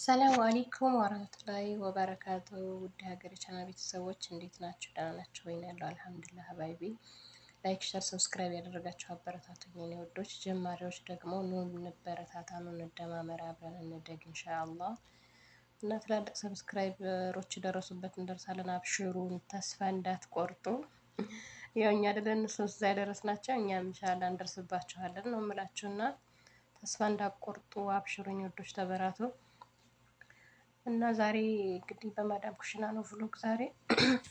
አሰላሙ አሌይኩም ወረህመቱላሂ ወበረካቱ ውድ ሀገሬ ቻናል ቤተሰቦች እንዴት ናቸው? ደህና ናቸው ወይን ያለው አልሐምዱሊላህ። ሀባይቢ ላይክ፣ ሸር፣ ሰብስክራይብ ያደረጋቸው አበረታቱኝ የኔ ውዶች። ጀማሪዎች ደግሞ ኑ እንበረታታ፣ ኑ እንደማመር፣ አብረን እንደግ ኢንሻአላህ። እና ትላልቅ ሰብስክራይበሮች የደረሱበት እንደርሳለን። አብሽሩን ተስፋ እንዳትቆርጡ። ያው እኛ አይደለን እነሱ እዛ ያደረስናቸው፣ እኛም ኢንሻአላህ እንደርስባችኋለን ነው የምላችሁና ተስፋ እንዳትቆርጡ። አብሽሩኝ ውዶች፣ ተበራቱ። እና ዛሬ እንግዲህ በማዳም ኩሽና ነው ቭሎግ። ዛሬ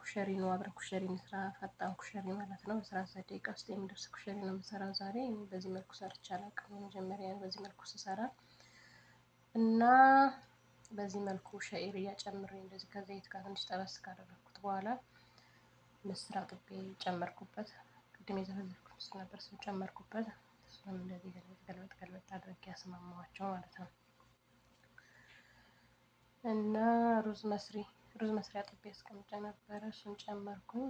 ኩሸሪ ነው አብረን ኩሸሪ እንስራ። ፈጣን ኩሸሪ ማለት ነው። በስራ ዘ ደቂቃ ውስጥ የሚደርስ ኩሸሪ ነው የምሰራው ዛሬ። በዚህ መልኩ ሰርቼ አላውቅም። መጀመሪያ በዚህ መልኩ ስሰራ እና በዚህ መልኩ ሸኤር እያጨምሬ እንደዚህ ከዘይት ጋር ትንሽ ጠበስ ካደረግኩት በኋላ ምስር አጥቤ ጨመርኩበት። ቅድም የተፈለግኩት ምስር ነበር፣ ስም ጨመርኩበት። እሱም እንደዚህ ገልበጥ ገልበጥ አድርጌ ያስማማዋቸው ማለት ነው። እና ሩዝ መስሪ ሩዝ መስሪያ ጥቤ አስቀምጬ ነበረ። እሱን ጨመርኩኝ።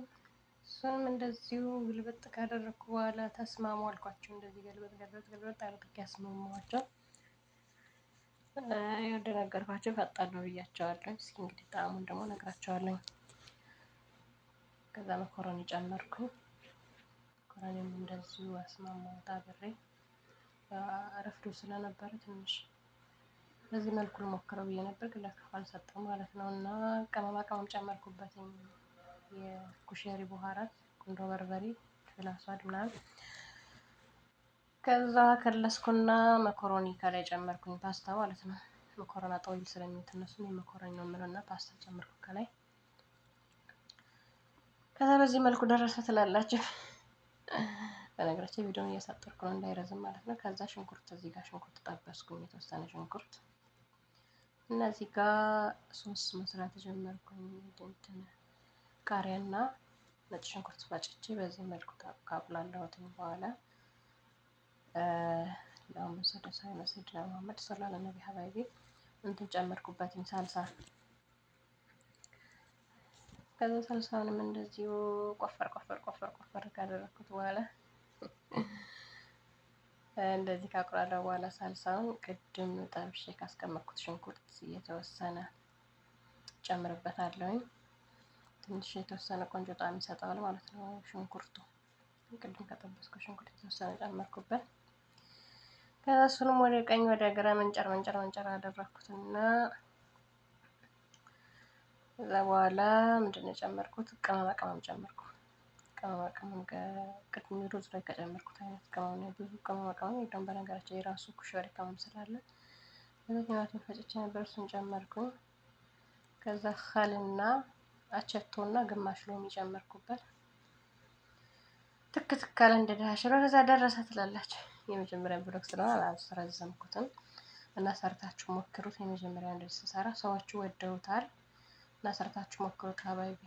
እሱንም እንደዚሁ ግልበጥ ካደረግኩ በኋላ ተስማሙ አልኳቸው። እንደዚህ ገልበጥ ገልበጥ ገልበጥ አድርጌ ያስማማኋቸው። እንደነገርኳቸው ፈጣን ነው ብያቸዋለሁ። እስኪ እንግዲህ ጣዕሙን ደግሞ ነግራቸዋለኝ። ከዛ መኮረኒ ጨመርኩኝ። መኮረኒም እንደዚሁ አስማማሁት አብሬ። ረፍዶ ስለነበረ ትንሽ በዚህ መልኩ ልሞክረው ብዬ ነበር፣ ግን ለካፍ አልሰጠው ማለት ነው። እና ቅመማ ቅመም ጨመርኩበት፣ የኩሸሪ ቡሃራት፣ ቁንዶ በርበሬ፣ ፍል አስዋድ ምናምን። ከዛ ከለስኩና መኮሮኒ ከላይ ጨመርኩኝ፣ ፓስታ ማለት ነው። መኮረና ጠወል ስለሚሉት እነሱ መኮረኒ ነው የምለው እና ፓስታ ጨመርኩ ከላይ። ከዛ በዚህ መልኩ ደረሰ ትላላችሁ። በነገራችን ቪዲዮን እያሳጠርኩ ነው እንዳይረዝም ማለት ነው። ከዛ ሽንኩርት እዚህ ጋር ሽንኩርት ጠበስኩኝ የተወሰነ ሽንኩርት እና እዚህ ጋር ሶስ መስራት ጀመርኩኝ። እንትን ቃሪያና ነጭ ሽንኩርት ባጭቼ በዚህ መልኩ ካቁላላሁት በኋላ ለመውሰድ ሳይመስድ ለመሐመድ ሰላለ ነቢ ሀባይቤ እንትን ጨመርኩበትኝ ሳልሳ። ከዛ ሳልሳውንም እንደዚሁ ቆፈር ቆፈር ቆፈር ቆፈር ካደረግኩት በኋላ እንደዚህ ካቁላላ በኋላ ሳልሳውን ቅድም ጠብሼ ካስቀመጥኩት ሽንኩርት እየተወሰነ ጨምርበታለሁኝ። ትንሽ የተወሰነ ቆንጆ ጣዕም ይሰጠዋል ማለት ነው። ሽንኩርቱ ቅድም ከጠበስኩ ሽንኩርት የተወሰነ ጨመርኩበት። ከዛ እሱንም ወደ ቀኝ ወደ ግራ መንጨር መንጨር መንጨር አደረኩትና ከዛ በኋላ ምንድን ነው የጨመርኩት? ቅመማ ቅመም ጨመርኩ። ቅመማ ቅመም ቅድም ሩዝ ላይ ከጨመርኩት አይነት ቅመም ነው። ብዙ ቅመማ ቅመም የለውም በነገራችን የራሱ ኩሸሪ ቅመም ስላለ በምክንያቱም ፈጭቼ ነበር እሱን ጨመርኩ። ከዛ ኸልና እና ግማሽ ሎሚ ጨመርኩበት። ትክ ትክ አለ እንደ ድሃ ሽሮ። ከዛ ደረሰ ትላላችሁ። የመጀመሪያ ብሎክ ስለሆነ አላስረዘምኩትም እና ሰርታችሁ ሞክሩት። የመጀመሪያ እንደዚህ ስሰራ ሰዎቹ ወደውታል እና ሰርታችሁ ሞክሩት ሀባይቢ